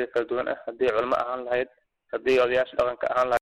noocyada kala duwan ah haddii culmo ahaan lahayd haddii odayaasha dhaqanka ahaan lahayd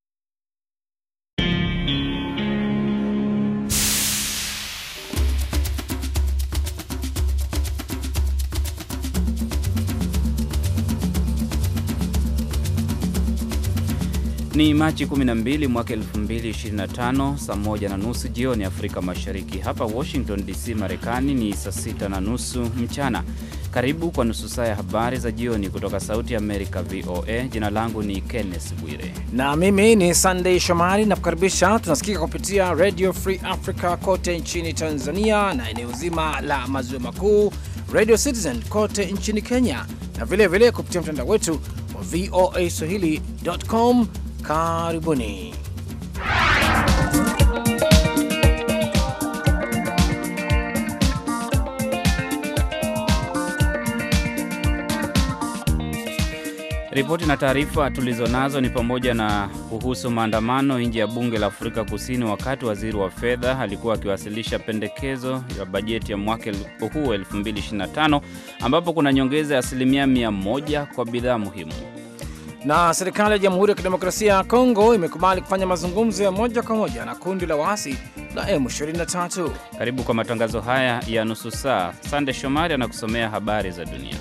Ni Machi 12 mwaka 225 saa moja na nusu jioni Afrika Mashariki. Hapa Washington DC, Marekani ni saa sita na nusu mchana. Karibu kwa nusu saa ya habari za jioni kutoka Sauti ya Amerika, VOA. Jina langu ni Kenneth Bwire na mimi ni Sandei Shomari na kukaribisha. Tunasikika kupitia Radio Free Africa kote nchini Tanzania na eneo zima la maziwa makuu, Radio Citizen kote nchini Kenya na vilevile vile kupitia mtandao wetu wa VOA swahili.com. Karibuni Ripoti na taarifa tulizonazo ni pamoja na kuhusu maandamano nje ya bunge la Afrika Kusini wakati waziri wa fedha alikuwa akiwasilisha pendekezo ya bajeti ya mwaka huu 2025 ambapo kuna nyongeza ya asilimia 100 kwa bidhaa muhimu. Na serikali ya Jamhuri ya Kidemokrasia ya Kongo imekubali kufanya mazungumzo ya moja kwa moja na kundi la waasi la M23. Karibu kwa matangazo haya ya nusu saa. Sande Shomari anakusomea habari za dunia.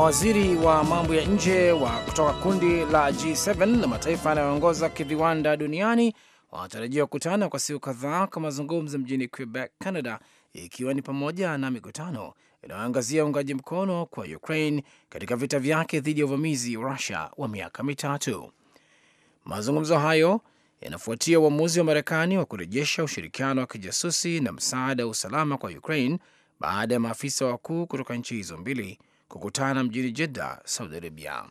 Mawaziri wa mambo ya nje wa kutoka kundi la G7 na mataifa yanayoongoza kiviwanda duniani wanatarajia kukutana kwa siku kadhaa kwa mazungumzo mjini Quebec, Canada, ikiwa ni pamoja na mikutano inayoangazia uungaji mkono kwa Ukraine katika vita vyake dhidi ya uvamizi wa Rusia wa miaka mitatu. Mazungumzo hayo yanafuatia uamuzi wa Marekani wa kurejesha ushirikiano wa kijasusi na msaada wa usalama kwa Ukraine baada ya maafisa wakuu kutoka nchi hizo mbili kukutana mjini Jeddah, Saudi Arabia.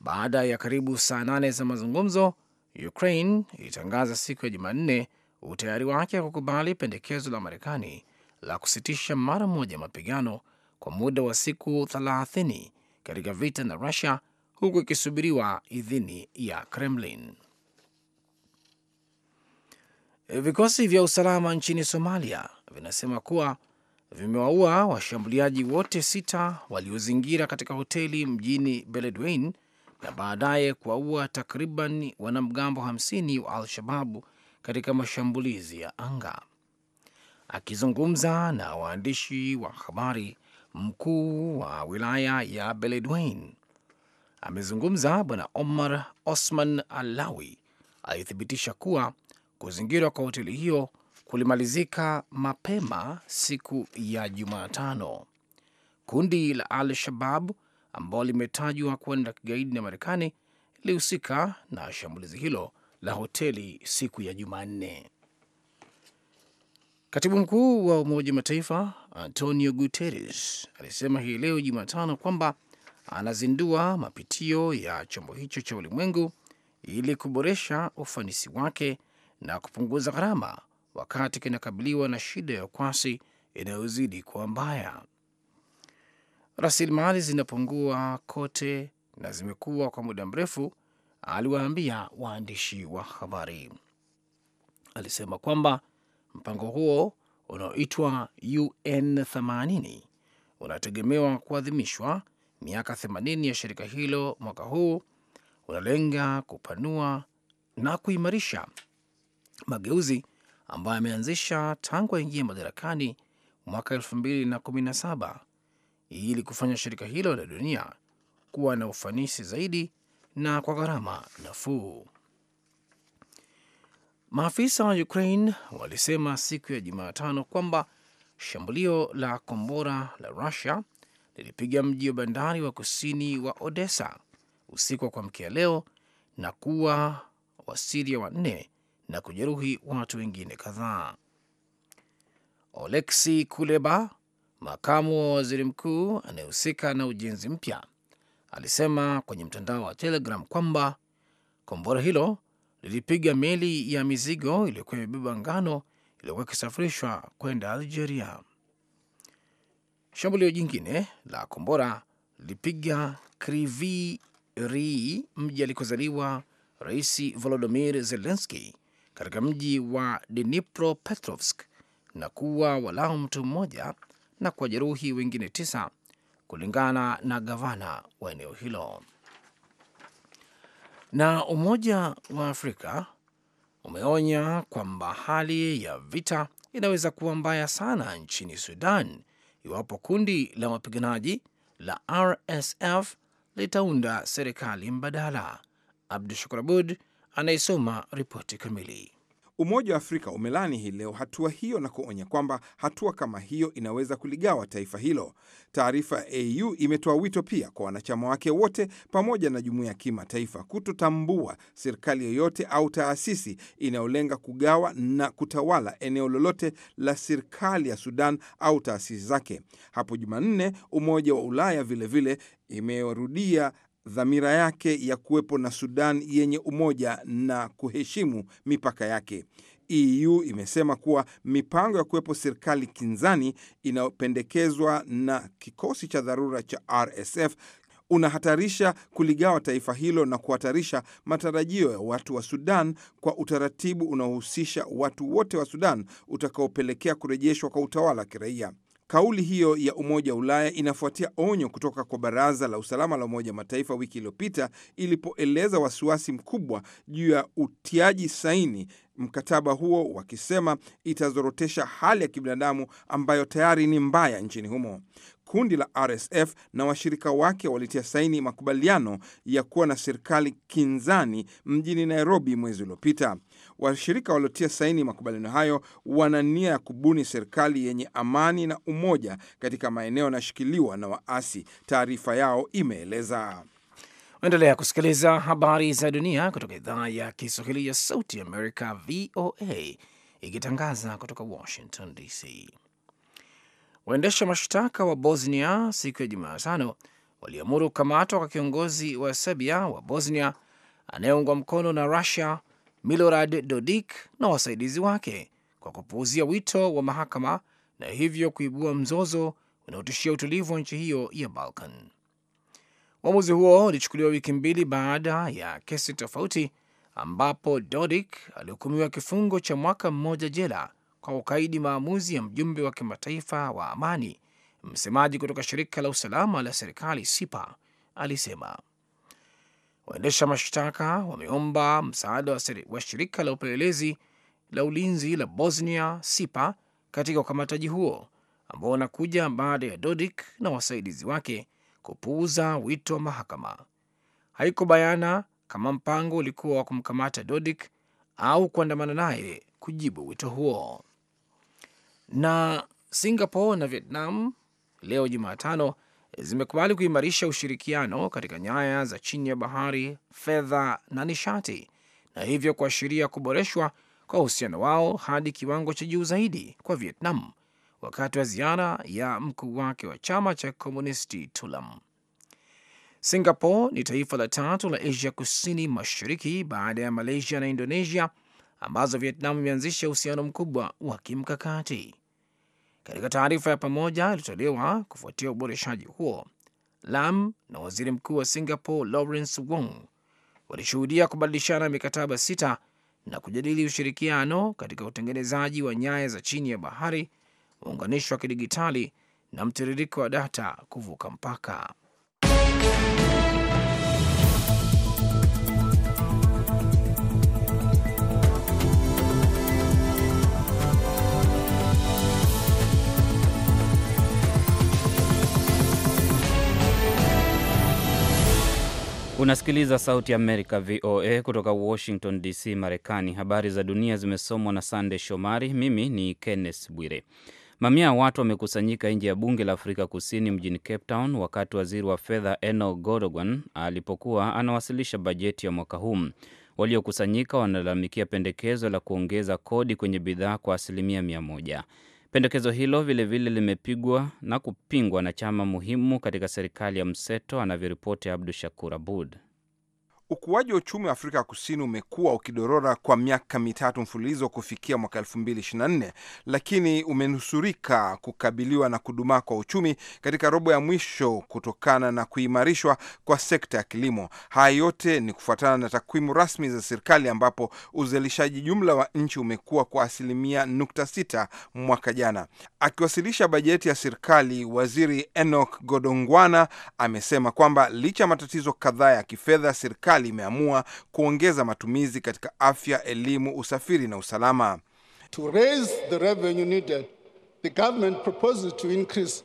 Baada ya karibu saa nane za mazungumzo, Ukraine ilitangaza siku ya Jumanne utayari wake wa kukubali pendekezo la Marekani la kusitisha mara moja mapigano kwa muda wa siku thelathini katika vita na Rusia, huku ikisubiriwa idhini ya Kremlin. Vikosi vya usalama nchini Somalia vinasema kuwa vimewaua washambuliaji wote sita waliozingira katika hoteli mjini Beledweyne na baadaye kuwaua takriban wanamgambo 50 wa Al-Shababu katika mashambulizi ya anga. Akizungumza na waandishi wa habari, mkuu wa wilaya ya Beledweyne amezungumza Bwana Omar Osman Alawi alithibitisha kuwa kuzingirwa kwa hoteli hiyo kulimalizika mapema siku ya Jumatano. Kundi la Al Shabab ambao limetajwa kwenda la kigaidi na Marekani lilihusika na shambulizi hilo la hoteli siku ya Jumanne. Katibu mkuu wa Umoja wa Mataifa Antonio Guterres alisema hii leo Jumatano kwamba anazindua mapitio ya chombo hicho cha ulimwengu ili kuboresha ufanisi wake na kupunguza gharama wakati kinakabiliwa na shida ya ukwasi inayozidi kuwa mbaya. Rasilimali zinapungua kote na zimekuwa kwa muda mrefu, aliwaambia waandishi wa habari. Alisema kwamba mpango huo unaoitwa UN 80 unategemewa kuadhimishwa miaka 80 ya shirika hilo mwaka huu, unalenga kupanua na kuimarisha mageuzi ambayo ameanzisha tangu aingie madarakani mwaka 2017 ili kufanya shirika hilo la dunia kuwa na ufanisi zaidi na kwa gharama nafuu. Maafisa wa Ukraine walisema siku ya Jumatano kwamba shambulio la kombora la Rusia lilipiga mji wa bandari wa kusini wa Odessa usiku wa kuamkia leo na kuwa Wasiria wanne na kujeruhi watu wengine kadhaa. Oleksi Kuleba, makamu wa waziri mkuu anayehusika na ujenzi mpya, alisema kwenye mtandao wa Telegram kwamba kombora hilo lilipiga meli ya mizigo iliyokuwa imebeba ngano iliyokuwa ikisafirishwa kwenda Algeria. Shambulio jingine la kombora lilipiga Krivi mji alikozaliwa Rais Volodimir Zelenski katika mji wa Dnipro Petrovsk na kuwa walau mtu mmoja na kwa jeruhi wengine tisa, kulingana na gavana wa eneo hilo. Na Umoja wa Afrika umeonya kwamba hali ya vita inaweza kuwa mbaya sana nchini Sudan iwapo kundi la wapiganaji la RSF litaunda serikali mbadala. Abdu Shukur Abud anayesoma ripoti kamili. Umoja wa Afrika umelani hii leo hatua hiyo na kuonya kwamba hatua kama hiyo inaweza kuligawa taifa hilo. Taarifa ya AU imetoa wito pia kwa wanachama wake wote pamoja na jumuiya ya kimataifa kutotambua serikali yoyote au taasisi inayolenga kugawa na kutawala eneo lolote la serikali ya Sudan au taasisi zake. Hapo Jumanne, Umoja wa Ulaya vilevile vile imerudia dhamira yake ya kuwepo na Sudan yenye umoja na kuheshimu mipaka yake. EU imesema kuwa mipango ya kuwepo serikali kinzani inayopendekezwa na kikosi cha dharura cha RSF unahatarisha kuligawa taifa hilo na kuhatarisha matarajio ya watu wa Sudan kwa utaratibu unaohusisha watu wote wa Sudan utakaopelekea kurejeshwa kwa utawala wa kiraia. Kauli hiyo ya Umoja wa Ulaya inafuatia onyo kutoka kwa Baraza la Usalama la Umoja Mataifa wiki iliyopita ilipoeleza wasiwasi mkubwa juu ya utiaji saini mkataba huo wakisema itazorotesha hali ya kibinadamu ambayo tayari ni mbaya nchini humo. Kundi la RSF na washirika wake walitia saini makubaliano ya kuwa na serikali kinzani mjini Nairobi mwezi uliopita. Washirika waliotia saini makubaliano hayo wana nia ya kubuni serikali yenye amani na umoja katika maeneo yanayoshikiliwa na waasi, taarifa yao imeeleza. Endelea kusikiliza habari za dunia kutoka idhaa ya Kiswahili ya Sauti Amerika, VOA, ikitangaza kutoka Washington DC. Waendesha mashtaka wa Bosnia siku ya Jumatano waliamuru kukamatwa kwa kiongozi wa Serbia wa Bosnia anayeungwa mkono na Rusia, Milorad Dodik na wasaidizi wake kwa kupuuzia wito wa mahakama na hivyo kuibua mzozo unaotishia utulivu wa nchi hiyo ya Balkan. Uamuzi huo ulichukuliwa wiki mbili baada ya kesi tofauti ambapo Dodik alihukumiwa kifungo cha mwaka mmoja jela kwa ukaidi maamuzi ya mjumbe wa kimataifa wa amani. Msemaji kutoka shirika la usalama la serikali SIPA alisema waendesha mashtaka wameomba msaada wa shirika la upelelezi la ulinzi la Bosnia SIPA katika ukamataji huo ambao unakuja baada ya Dodik na wasaidizi wake kupuuza wito wa mahakama. Haiko bayana kama mpango ulikuwa wa kumkamata Dodik au kuandamana naye kujibu wito huo. Na Singapore na Vietnam leo Jumatano zimekubali kuimarisha ushirikiano katika nyaya za chini ya bahari, fedha na nishati, na hivyo kuashiria kuboreshwa kwa uhusiano wao hadi kiwango cha juu zaidi kwa Vietnam wakati wa ziara ya mkuu wake wa chama cha komunisti Tulam. Singapore ni taifa la tatu la Asia kusini mashariki baada ya Malaysia na Indonesia, ambazo Vietnam imeanzisha uhusiano mkubwa wa kimkakati. Katika taarifa ya pamoja iliyotolewa kufuatia uboreshaji huo, Lam na waziri mkuu wa Singapore Lawrence Wong walishuhudia kubadilishana mikataba sita na kujadili ushirikiano katika utengenezaji wa nyaya za chini ya bahari, muunganisho wa kidigitali na mtiririko wa data kuvuka mpaka. Unasikiliza Sauti ya Amerika, VOA, kutoka Washington DC, Marekani. Habari za dunia zimesomwa na Sande Shomari. Mimi ni Kenneth Bwire. Mamia ya watu wamekusanyika nje ya bunge la Afrika Kusini mjini Cape Town wakati waziri wa fedha Enoch godogan alipokuwa anawasilisha bajeti ya mwaka huu. Waliokusanyika wanalalamikia pendekezo la kuongeza kodi kwenye bidhaa kwa asilimia mia moja. Pendekezo hilo vilevile limepigwa na kupingwa na chama muhimu katika serikali ya mseto, anavyoripoti Abdu Shakur Abud. Ukuaji wa uchumi wa Afrika Kusini umekuwa ukidorora kwa miaka mitatu mfululizo kufikia mwaka 2024 lakini umenusurika kukabiliwa na kudumaa kwa uchumi katika robo ya mwisho kutokana na kuimarishwa kwa sekta ya kilimo. Haya yote ni kufuatana na takwimu rasmi za serikali ambapo uzalishaji jumla wa nchi umekuwa kwa asilimia nukta sita mwaka jana. Akiwasilisha bajeti ya serikali, Waziri Enoch Godongwana amesema kwamba licha ya matatizo kadhaa ya kifedha serikali serikali imeamua kuongeza matumizi katika afya, elimu, usafiri na usalama. To raise the revenue needed, the government proposes to increase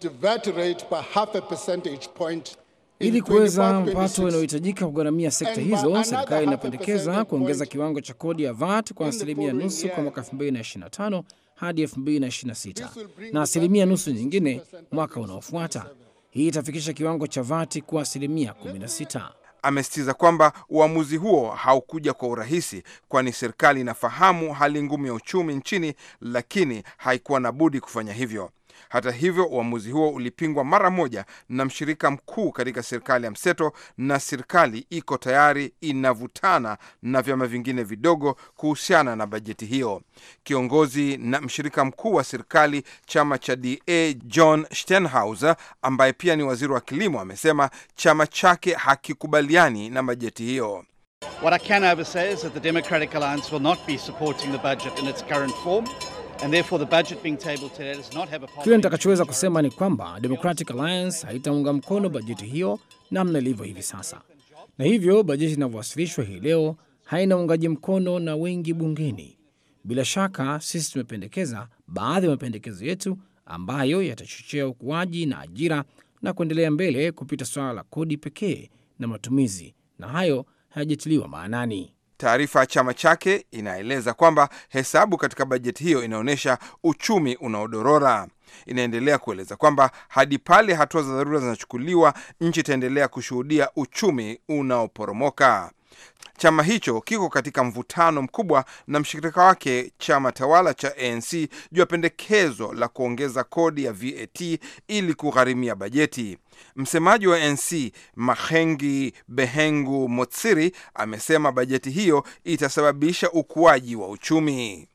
the VAT rate by half a percentage point ili kuweza mpato unaohitajika kugharamia sekta hizo, serikali inapendekeza kuongeza kiwango cha kodi ya VAT kwa asilimia nusu kwa mwaka 2025 hadi 2026 na asilimia nusu nyingine mwaka unaofuata. Hii itafikisha kiwango cha VAT kuwa asilimia 16 amesitiza kwamba uamuzi huo haukuja kwa urahisi, kwani serikali inafahamu hali ngumu ya uchumi nchini, lakini haikuwa na budi kufanya hivyo. Hata hivyo, uamuzi huo ulipingwa mara moja na mshirika mkuu katika serikali ya mseto, na serikali iko tayari inavutana na vyama vingine vidogo kuhusiana na bajeti hiyo. Kiongozi na mshirika mkuu wa serikali chama cha DA John Stenhauser, ambaye pia ni waziri wa kilimo, amesema chama chake hakikubaliani na bajeti hiyo. What I can oversay is that the Democratic Alliance will not be supporting the budget in its current form. Kile nitakachoweza kusema ni kwamba Democratic Alliance haitaunga mkono bajeti hiyo namna ilivyo hivi sasa, na hivyo bajeti inavyowasilishwa hii leo haina uungaji mkono na wengi bungeni. Bila shaka sisi tumependekeza baadhi ya mapendekezo yetu ambayo yatachochea ukuaji na ajira na kuendelea mbele kupita suala la kodi pekee na matumizi, na hayo hayajatiliwa maanani. Taarifa ya chama chake inaeleza kwamba hesabu katika bajeti hiyo inaonyesha uchumi unaodorora. Inaendelea kueleza kwamba hadi pale hatua za dharura zinachukuliwa, nchi itaendelea kushuhudia uchumi unaoporomoka. Chama hicho kiko katika mvutano mkubwa na mshirika wake chama tawala cha ANC juu ya pendekezo la kuongeza kodi ya VAT ili kugharimia bajeti. Msemaji wa ANC Mahengi Behengu Motsiri amesema bajeti hiyo itasababisha ukuaji wa uchumi.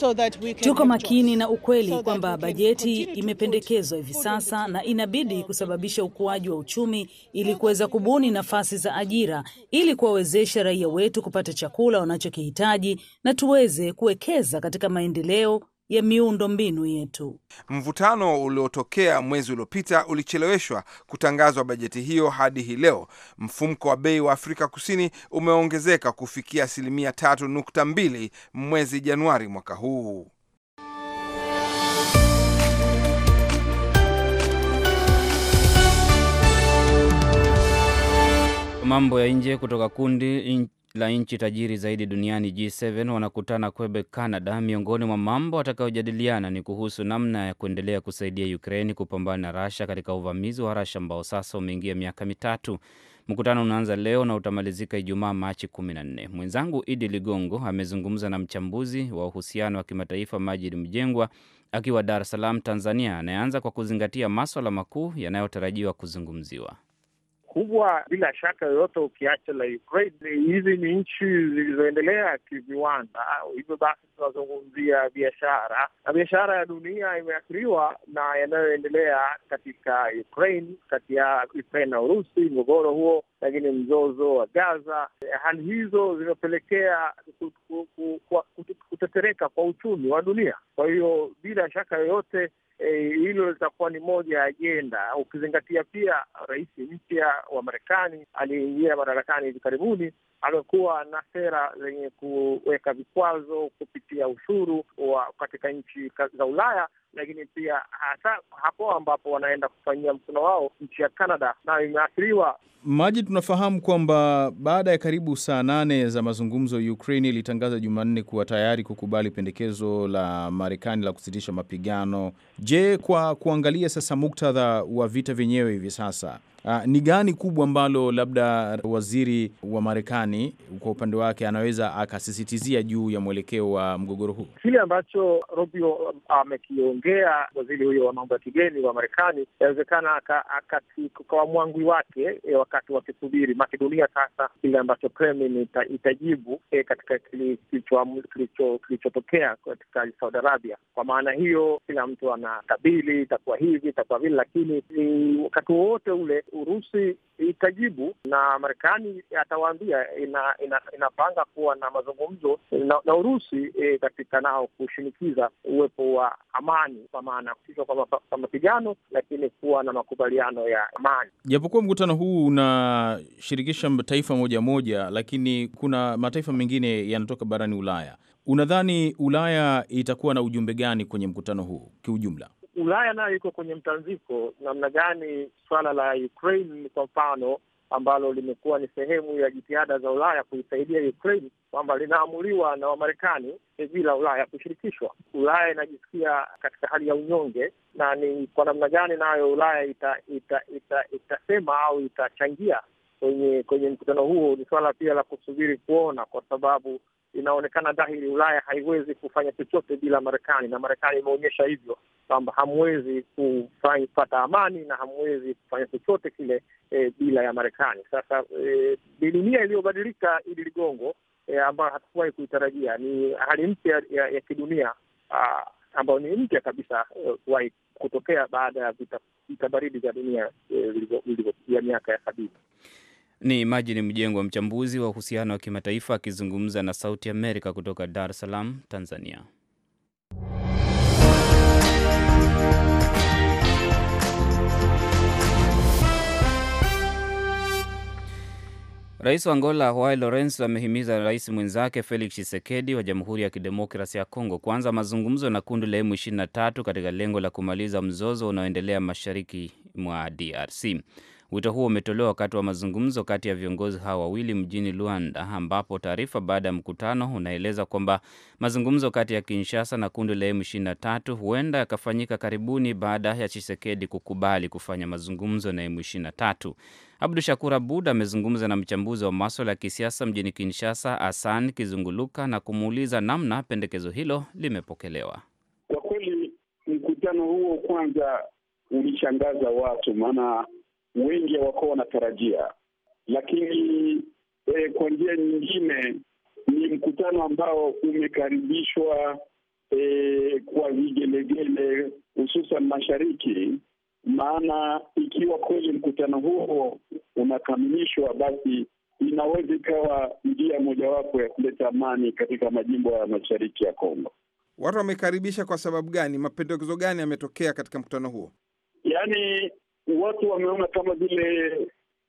So tuko makini na ukweli so kwamba bajeti imependekezwa hivi sasa na inabidi um, kusababisha ukuaji wa uchumi ili kuweza kubuni nafasi za ajira ili kuwawezesha raia wetu kupata chakula wanachokihitaji na tuweze kuwekeza katika maendeleo ya miundo mbinu yetu. Mvutano uliotokea mwezi uliopita ulicheleweshwa kutangazwa bajeti hiyo hadi hii leo. Mfumko wa bei wa Afrika Kusini umeongezeka kufikia asilimia tatu nukta mbili mwezi Januari mwaka huu. Mambo ya nje kutoka kundi la nchi tajiri zaidi duniani G7 wanakutana Quebec, Canada. Miongoni mwa mambo watakayojadiliana ni kuhusu namna ya kuendelea kusaidia Ukraini kupambana na Rasha katika uvamizi wa Rasha ambao sasa umeingia miaka mitatu. Mkutano unaanza leo na utamalizika Ijumaa, Machi 14. Mwenzangu Idi Ligongo amezungumza na mchambuzi wa uhusiano wa kimataifa Majid Mjengwa akiwa Dar es Salaam, Tanzania, anayeanza kwa kuzingatia maswala makuu yanayotarajiwa kuzungumziwa kubwa bila shaka yoyote, ukiacha la Ukraine. Hizi ni nchi zilizoendelea kiviwanda, hivyo basi tunazungumzia biashara na biashara ya dunia imeathiriwa na yanayoendelea katika Ukraine, kati ya Ukraine na Urusi, mgogoro huo lakini mzozo wa Gaza, hali hizo zimepelekea kutetereka kwa uchumi wa dunia. Kwa hiyo bila shaka yoyote e, hilo e, litakuwa ni moja ya ajenda, ukizingatia pia rais mpya wa Marekani aliyeingia madarakani hivi karibuni amekuwa na sera zenye kuweka vikwazo kupitia ushuru wa katika nchi za Ulaya lakini pia hasa hapo ambapo wanaenda kufanyia mkutano wao nchi ya Canada nayo imeathiriwa. Maji, tunafahamu kwamba baada ya karibu saa nane za mazungumzo, Ukraine ilitangaza Jumanne kuwa tayari kukubali pendekezo la Marekani la kusitisha mapigano. Je, kwa kuangalia sasa muktadha wa vita vyenyewe hivi sasa Uh, ni gani kubwa ambalo labda waziri wa Marekani kwa upande wake anaweza akasisitizia juu ya mwelekeo wa mgogoro huu? Kile ambacho Rubio amekiongea aliongea waziri huyo wa mambo ya kigeni wa Marekani, inawezekana kwa mwangwi wake e, wakati wakisubiri Makedonia sasa kile ambacho Kremlin ita, itajibu e, katika kilichotokea katika Saudi Arabia. Kwa maana hiyo, kila mtu anakabili, itakuwa hivi itakuwa vile, lakini wakati wowote ule Urusi itajibu na Marekani atawaambia inapanga ina, ina kuwa na mazungumzo na, na Urusi e, katika nao kushinikiza uwepo wa amani amani, kwa maana kusitishwa kwa mapigano, lakini kuwa na makubaliano ya amani. Japokuwa mkutano huu unashirikisha taifa moja moja, lakini kuna mataifa mengine yanatoka barani Ulaya. Unadhani Ulaya itakuwa na ujumbe gani kwenye mkutano huu kiujumla? Ulaya nayo iko kwenye mtanziko namna gani? Suala la Ukraine kwa mfano ambalo limekuwa ni sehemu ya jitihada za Ulaya kuisaidia Ukraine kwamba linaamuliwa na Wamarekani bila Ulaya kushirikishwa. Ulaya inajisikia katika hali ya unyonge, na ni kwa namna gani nayo Ulaya itasema ita, ita, ita au itachangia kwenye kwenye mkutano huo ni suala pia la kusubiri kuona, kwa sababu inaonekana dhahiri Ulaya haiwezi kufanya chochote bila Marekani, na Marekani imeonyesha hivyo kwamba hamwezi kupata amani na hamwezi kufanya chochote kile e, bila ya Marekani. Sasa e, dunia iliyobadilika, ili Ligongo, e, ambayo hatukuwahi kuitarajia. Ni hali mpya ya, ya kidunia ambayo ni mpya kabisa e, kutokea baada ya vita baridi vya dunia e, ya miaka ya sabini. Ni Imajini Mjengwa, mchambuzi wa uhusiano wa kimataifa, akizungumza na Sauti Amerika kutoka Dar es Salaam, Tanzania. Rais wa Angola Joao Lorenzo amehimiza rais mwenzake Felix Tshisekedi wa Jamhuri ya Kidemokrasia ya Kongo kuanza mazungumzo na kundi la M23 katika lengo la kumaliza mzozo unaoendelea mashariki mwa DRC. Wito huo umetolewa wakati wa mazungumzo kati ya viongozi hawa wawili mjini Luanda, ambapo taarifa baada ya mkutano unaeleza kwamba mazungumzo kati ya Kinshasa na kundi la M23 huenda yakafanyika karibuni baada ya Chisekedi kukubali kufanya mazungumzo na M23. Abdu Shakur Abud amezungumza na mchambuzi wa maswala ya kisiasa mjini Kinshasa, Asan Kizunguluka, na kumuuliza namna pendekezo hilo limepokelewa. Kwa kweli mkutano huo kwanza ulishangaza watu, maana wengi hawakuwa wanatarajia, lakini e, kwa njia nyingine ni mkutano ambao umekaribishwa e, kwa vigelegele, hususan mashariki. Maana ikiwa kweli mkutano huo unakamilishwa, basi inaweza ikawa njia mojawapo ya kuleta amani katika majimbo ya mashariki ya Kongo. Watu wamekaribisha kwa sababu gani? Mapendekezo gani yametokea katika mkutano huo? Yaani watu wameona kama vile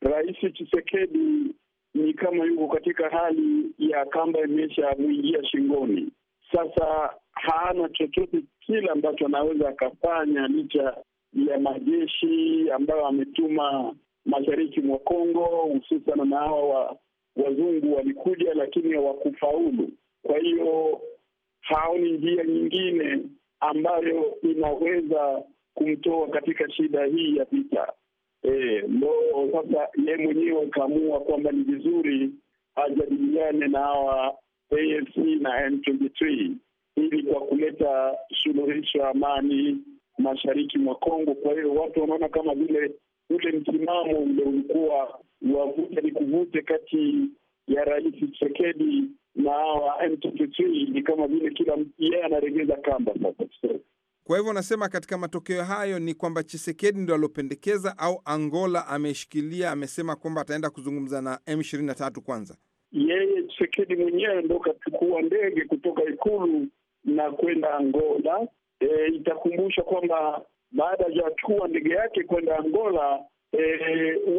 Rais chisekedi ni kama yuko katika hali ya kamba imeshamwingia shingoni. Sasa haana chochote kile ambacho anaweza akafanya, licha ya majeshi ambayo ametuma mashariki mwa Kongo, hususan na hawa wa wazungu walikuja, lakini hawakufaulu. Kwa hiyo haoni njia nyingine ambayo inaweza kumtoa katika shida hii ya vita. E, ndo e, sasa ye mwenyewe akaamua kwamba ni vizuri ajadiliane na hawa AFC na M23 ili kwa kuleta suluhisho ya amani mashariki mwa Kongo. Kwa hiyo watu wanaona kama vile ule msimamo ule ulikuwa wavuta ni kuvute kati ya Rais Tshisekedi na hawa M23 ni kama vile kila yeye anaregeza kamba sasa. Kwa hivyo anasema katika matokeo hayo ni kwamba Chisekedi ndo aliopendekeza au Angola ameshikilia, amesema kwamba ataenda kuzungumza na M23 kwanza. Yeye Chisekedi mwenyewe ndo kachukua ndege kutoka ikulu na kwenda Angola. E, itakumbusha kwamba baada ya kuchukua ndege yake kwenda Angola, e,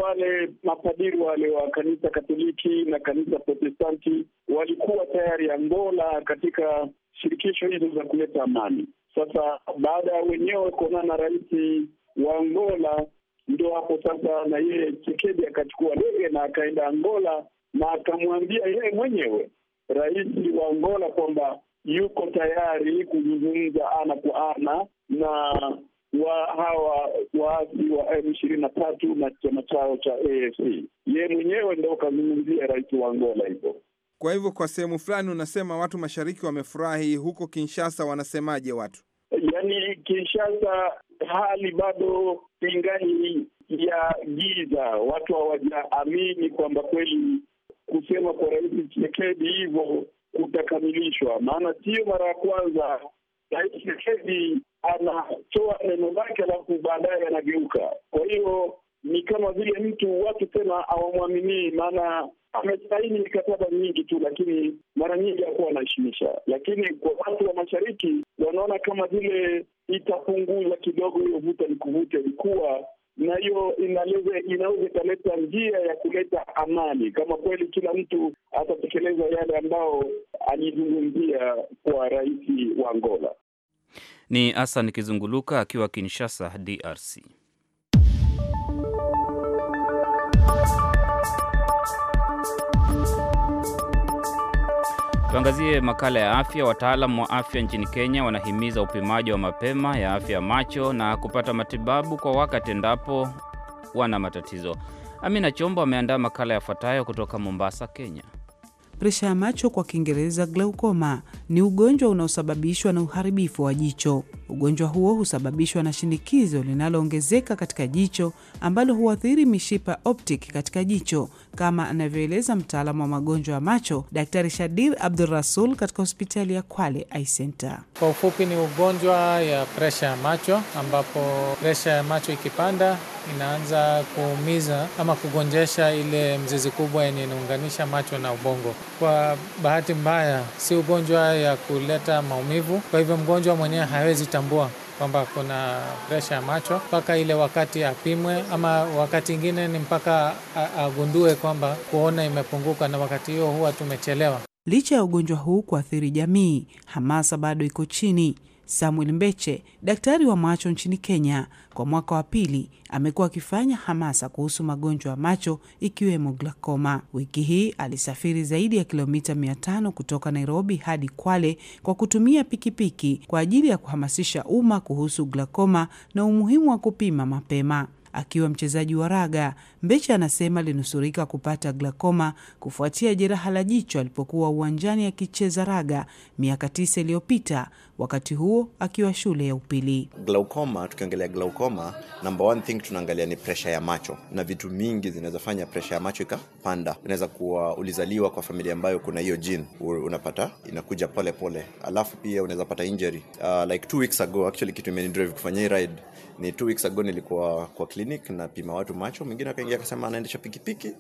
wale mapadiri wale wa kanisa Katoliki na kanisa Protestanti walikuwa tayari Angola katika shirikisho hizo za kuleta amani sasa baada ya wenyewe kuonana na rais wa Angola, ndo hapo sasa na yeye Chekedi akachukua ndege na akaenda Angola na akamwambia yeye mwenyewe rais wa Angola kwamba yuko tayari kuzungumza ana kwa ana na wa hawa waasi wa M ishirini na tatu na chama chao cha AFC. Yeye mwenyewe ndo ukazungumzia rais wa Angola hivyo. Kwa hivyo kwa sehemu fulani unasema watu mashariki wamefurahi, huko Kinshasa wanasemaje watu? yani Kinshasa hali bado pingani ya giza, watu hawajaamini kwamba kweli kusema kwa Rais Tshisekedi hivyo kutakamilishwa, maana sio mara ya kwanza Rais Tshisekedi anatoa neno lake alafu baadaye anageuka. Kwa hiyo ni kama vile mtu watu tena hawamwaminii, maana amesaini mikataba mingi tu, lakini mara nyingi hakuwa anaheshimisha. Lakini kwa watu wa mashariki wanaona kama vile itapunguza kidogo hiyo vuta ni kuvuta ilikuwa, na hiyo inaweza ikaleta njia ya kuleta amani, kama kweli kila mtu atatekeleza yale ambao alizungumzia kwa rais wa Angola. Ni Hassan Kizunguluka akiwa Kinshasa, DRC. Tuangazie makala ya afya. wataalam wa afya nchini Kenya wanahimiza upimaji wa mapema ya afya ya macho na kupata matibabu kwa wakati endapo wana matatizo. Amina Chombo ameandaa makala yafuatayo kutoka Mombasa, Kenya. Presha ya macho kwa Kiingereza glaucoma ni ugonjwa unaosababishwa na uharibifu wa jicho. Ugonjwa huo husababishwa na shinikizo linaloongezeka katika jicho ambalo huathiri mishipa optic katika jicho, kama anavyoeleza mtaalamu wa magonjwa ya macho Daktari Shadir Abdurasul katika hospitali ya Kwale Eye Center. Kwa ufupi, ni ugonjwa ya presha ya macho, ambapo presha ya macho ikipanda inaanza kuumiza ama kugonjesha ile mzizi kubwa yenye inaunganisha macho na ubongo. Kwa bahati mbaya, si ugonjwa ya kuleta maumivu, kwa hivyo mgonjwa mwenyewe hawezi anatambua kwamba kuna presha ya macho mpaka ile wakati apimwe, ama wakati ingine ni mpaka agundue kwamba kuona imepunguka, na wakati hiyo huwa tumechelewa. Licha ya ugonjwa huu kuathiri jamii, hamasa bado iko chini. Samuel Mbeche, daktari wa macho nchini Kenya, kwa mwaka wa pili amekuwa akifanya hamasa kuhusu magonjwa ya macho ikiwemo glakoma. Wiki hii alisafiri zaidi ya kilomita mit5 kutoka Nairobi hadi Kwale kwa kutumia pikipiki kwa ajili ya kuhamasisha umma kuhusu glakoma na umuhimu wa kupima mapema. Akiwa mchezaji wa raga, Mbeche anasema alinusurika kupata glakoma kufuatia jeraha la jicho alipokuwa uwanjani akicheza raga miaka tisa iliyopita wakati huo akiwa shule ya upili. Glaucoma, tukiongelea glaucoma, number one thing tunaangalia ni presha ya macho, na vitu mingi zinaweza fanya presha ya macho ikapanda. Unaweza kuwa ulizaliwa kwa familia ambayo kuna hiyo jin, unapata inakuja pole pole, alafu pia unaweza pata injury. Uh, like two weeks ago actually, kitu imenidrive kufanya hii ride ni two weeks ago, nilikuwa kwa clinic na pima watu macho, mwingine akaingia akasema anaendesha pikipiki,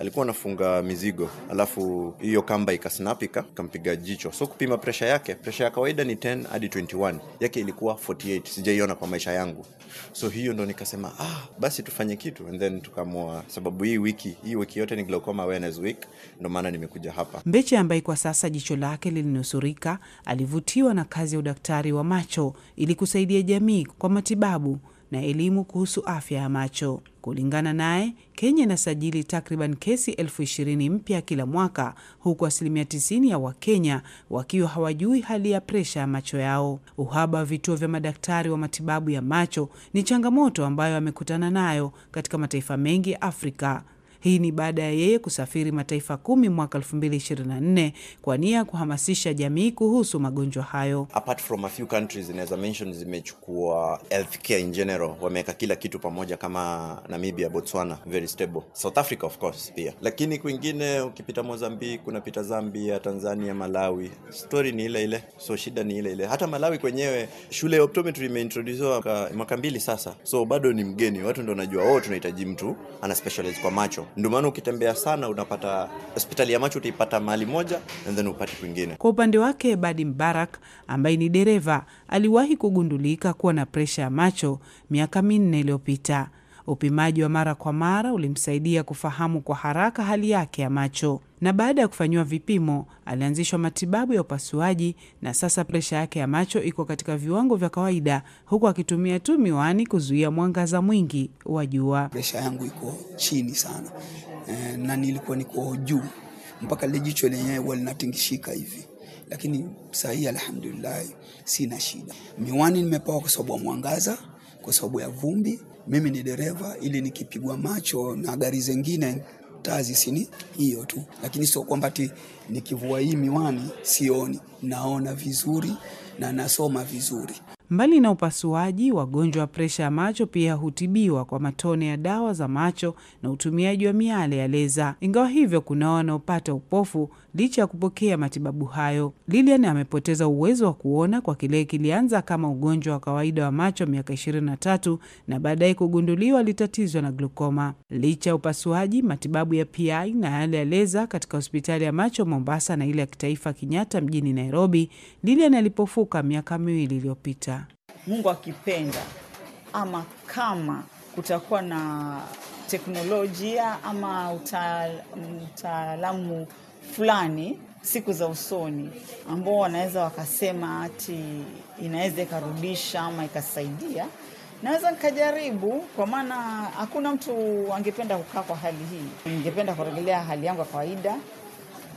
alikuwa anafunga mizigo, alafu hiyo kamba ikasnapika kampiga jicho. So kupima presha yake, presha ya kawaida ni 10 19 hadi 21 yake ilikuwa 48 sijaiona kwa maisha yangu so hiyo ndo nikasema ah basi tufanye kitu and then tukamua sababu hii wiki hii wiki yote ni glaucoma awareness week ndo maana nimekuja hapa mbeche ambaye kwa sasa jicho lake lilinusurika alivutiwa na kazi ya udaktari wa macho ili kusaidia jamii kwa matibabu na elimu kuhusu afya ya macho. Kulingana naye, Kenya inasajili takriban kesi elfu ishirini mpya kila mwaka, huku asilimia 90 ya Wakenya wakiwa hawajui hali ya presha ya macho yao. Uhaba wa vituo vya madaktari wa matibabu ya macho ni changamoto ambayo amekutana nayo katika mataifa mengi ya Afrika. Hii ni baada ya yeye kusafiri mataifa kumi mwaka 2024 kwa nia ya kuhamasisha jamii kuhusu magonjwa hayo. Apart from a few countries inaweza mention zimechukua healthcare in general, wameweka kila kitu pamoja kama Namibia, Botswana very stable, South Africa of course pia, lakini kwingine ukipita Mozambique, unapita Zambia, Tanzania, Malawi, story ni ile ile, so shida ni ile ile. Hata Malawi kwenyewe shule ya optometry imeintroducewa mwaka mbili sasa, so bado ni mgeni. Watu ndo wanajua, oh, tunahitaji mtu ana specialize kwa macho ndio maana ukitembea sana unapata hospitali ya macho utaipata mahali moja and then upati kwingine. Kwa upande wake, Badi Mbarak ambaye ni dereva aliwahi kugundulika kuwa na presha ya macho miaka minne iliyopita. Upimaji wa mara kwa mara ulimsaidia kufahamu kwa haraka hali yake ya macho, na baada ya kufanyiwa vipimo alianzishwa matibabu ya upasuaji, na sasa presha yake ya macho iko katika viwango vya kawaida, huku akitumia tu miwani kuzuia mwangaza mwingi wa jua. Presha yangu iko chini sana e, na nilikuwa niko juu mpaka lile jicho lenyewe huwa linatingishika hivi, lakini saa hii alhamdulillah sina shida. Miwani nimepewa kwa sababu ya mwangaza, kwa sababu ya vumbi mimi ni dereva, ili nikipigwa macho na gari zingine taa hiyo tu, lakini sio kwamba ti nikivua hii miwani sioni. Naona vizuri na nasoma vizuri. Mbali na upasuaji, wagonjwa wa presha ya macho pia hutibiwa kwa matone ya dawa za macho na utumiaji wa miale ya leza. Ingawa hivyo, kuna wanaopata upofu licha ya kupokea matibabu hayo. Lilian amepoteza uwezo wa kuona kwa kile kilianza kama ugonjwa wa kawaida wa macho miaka 23 na baadaye kugunduliwa alitatizwa na glukoma. Licha ya upasuaji, matibabu ya PI na yale ya leza katika hospitali ya macho Mombasa na ile ya kitaifa kinyatta mjini Nairobi, Lilian alipofuka miaka miwili iliyopita. Mungu akipenda, ama kama kutakuwa na teknolojia ama utaalamu fulani siku za usoni ambao wanaweza wakasema ati inaweza ikarudisha ama ikasaidia, naweza nikajaribu, kwa maana hakuna mtu angependa kukaa kwa hali hii. Ningependa kurejelea hali yangu ya kawaida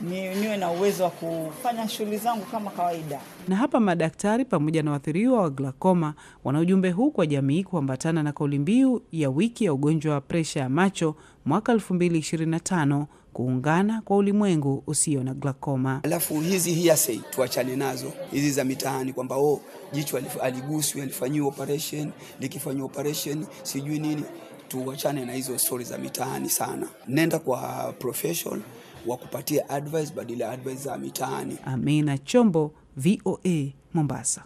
ni, niwe na uwezo wa kufanya shughuli zangu kama kawaida. Na hapa madaktari pamoja na waathiriwa wa glakoma wana ujumbe huu kwa jamii kuambatana na kauli mbiu ya wiki ya ugonjwa wa presha ya macho mwaka 2025 kuungana kwa ulimwengu usio na glakoma. Alafu hizi hiasei tuachane nazo hizi za mitaani, kwamba oh, jicho aliguswi, alifanyiwa operation, likifanyiwa operation sijui nini. Tuachane na hizo stori za mitaani sana, nenda kwa professional wa kupatia advice badala ya advice za mitaani. Amina Chombo, VOA Mombasa.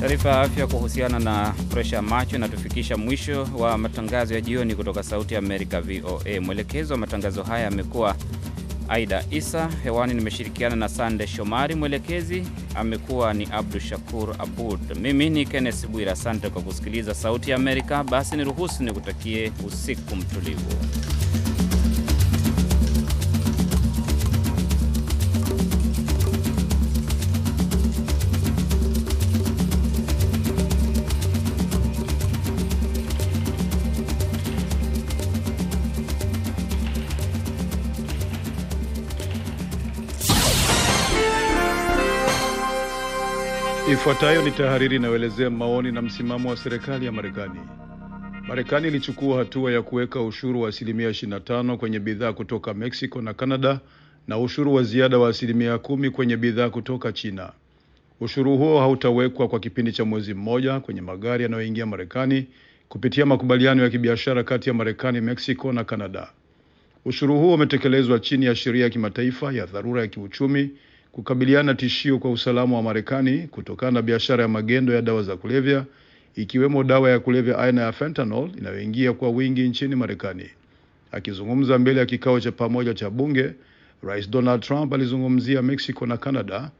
Taarifa ya afya kuhusiana na presha macho inatufikisha mwisho wa matangazo ya jioni kutoka Sauti ya Amerika, VOA. Mwelekezo wa matangazo haya amekuwa Aida Isa. Hewani nimeshirikiana na Sande Shomari, mwelekezi amekuwa ni Abdu Shakur Abud. Mimi ni Kenneth Bwira, asante kwa kusikiliza Sauti ya Amerika. Basi niruhusu nikutakie usiku mtulivu. Ifuatayo ni tahariri inayoelezea maoni na msimamo wa serikali ya Marekani. Marekani ilichukua hatua ya kuweka ushuru wa asilimia 25 kwenye bidhaa kutoka Mexico na canada na ushuru wa ziada wa asilimia kumi kwenye bidhaa kutoka China. Ushuru huo hautawekwa kwa kipindi cha mwezi mmoja kwenye magari yanayoingia Marekani kupitia makubaliano ya kibiashara kati ya Marekani, Mexico na canada Ushuru huo umetekelezwa chini ya sheria ya kimataifa ya dharura ya kiuchumi kukabiliana tishio kwa usalama wa Marekani kutokana na biashara ya magendo ya dawa za kulevya ikiwemo dawa ya kulevya aina ya fentanyl inayoingia kwa wingi nchini Marekani. Akizungumza mbele ya kikao cha pamoja cha bunge, Rais Donald Trump alizungumzia Mexico na Canada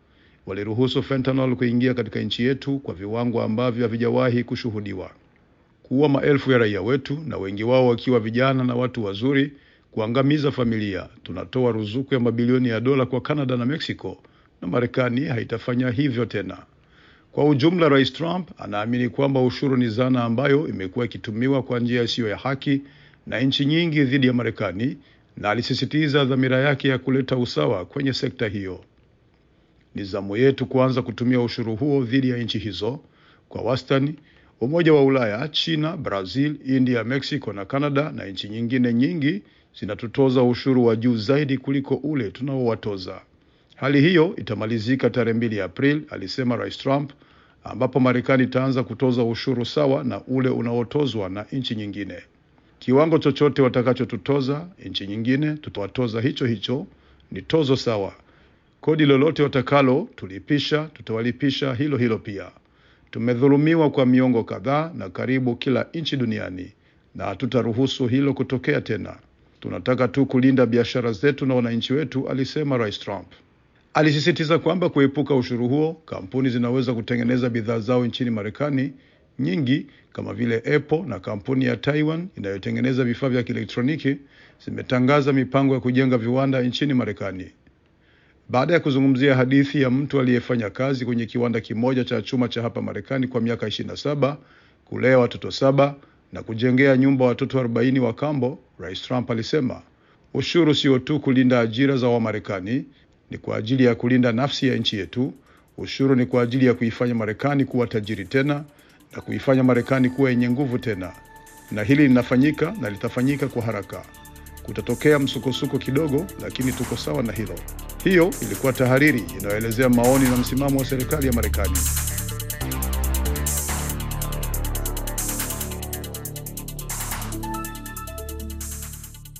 waliruhusu fentanyl kuingia katika nchi yetu kwa viwango ambavyo havijawahi kushuhudiwa, kuua maelfu ya raia wetu na wengi wao wakiwa vijana na watu wazuri kuangamiza familia. Tunatoa ruzuku ya mabilioni ya dola kwa Canada na Mexico na Marekani haitafanya hivyo tena. Kwa ujumla, Rais Trump anaamini kwamba ushuru ni zana ambayo imekuwa ikitumiwa kwa njia isiyo ya haki na nchi nyingi dhidi ya Marekani na alisisitiza dhamira yake ya kuleta usawa kwenye sekta hiyo. Ni zamu yetu kuanza kutumia ushuru huo dhidi ya nchi hizo. Kwa wastani, Umoja wa Ulaya, China, Brazil, India, Mexico na Canada na nchi nyingine nyingi zinatutoza ushuru wa juu zaidi kuliko ule tunaowatoza. Hali hiyo itamalizika tarehe mbili ya Aprili, alisema Rais Trump, ambapo Marekani itaanza kutoza ushuru sawa na ule unaotozwa na nchi nyingine. Kiwango chochote watakachotutoza nchi nyingine, tutawatoza hicho hicho, ni tozo sawa. Kodi lolote watakalo tulipisha, tutawalipisha hilo hilo pia. Tumedhulumiwa kwa miongo kadhaa na karibu kila nchi duniani, na hatutaruhusu hilo kutokea tena. Tunataka tu kulinda biashara zetu na wananchi wetu, alisema Rais Trump. Alisisitiza kwamba kuepuka ushuru huo, kampuni zinaweza kutengeneza bidhaa zao nchini Marekani nyingi kama vile Apple na kampuni ya Taiwan inayotengeneza vifaa vya kielektroniki zimetangaza mipango ya kujenga viwanda nchini Marekani. Baada ya kuzungumzia hadithi ya mtu aliyefanya kazi kwenye kiwanda kimoja cha chuma cha hapa Marekani kwa miaka 27, kulea watoto saba na kujengea nyumba watoto 40 wa kambo, Rais Trump alisema ushuru sio tu kulinda ajira za Wamarekani, ni kwa ajili ya kulinda nafsi ya nchi yetu. Ushuru ni kwa ajili ya kuifanya Marekani kuwa tajiri tena na kuifanya Marekani kuwa yenye nguvu tena, na hili linafanyika na litafanyika kwa haraka. Kutatokea msukosuko kidogo, lakini tuko sawa na hilo. Hiyo ilikuwa tahariri inayoelezea maoni na msimamo wa serikali ya Marekani.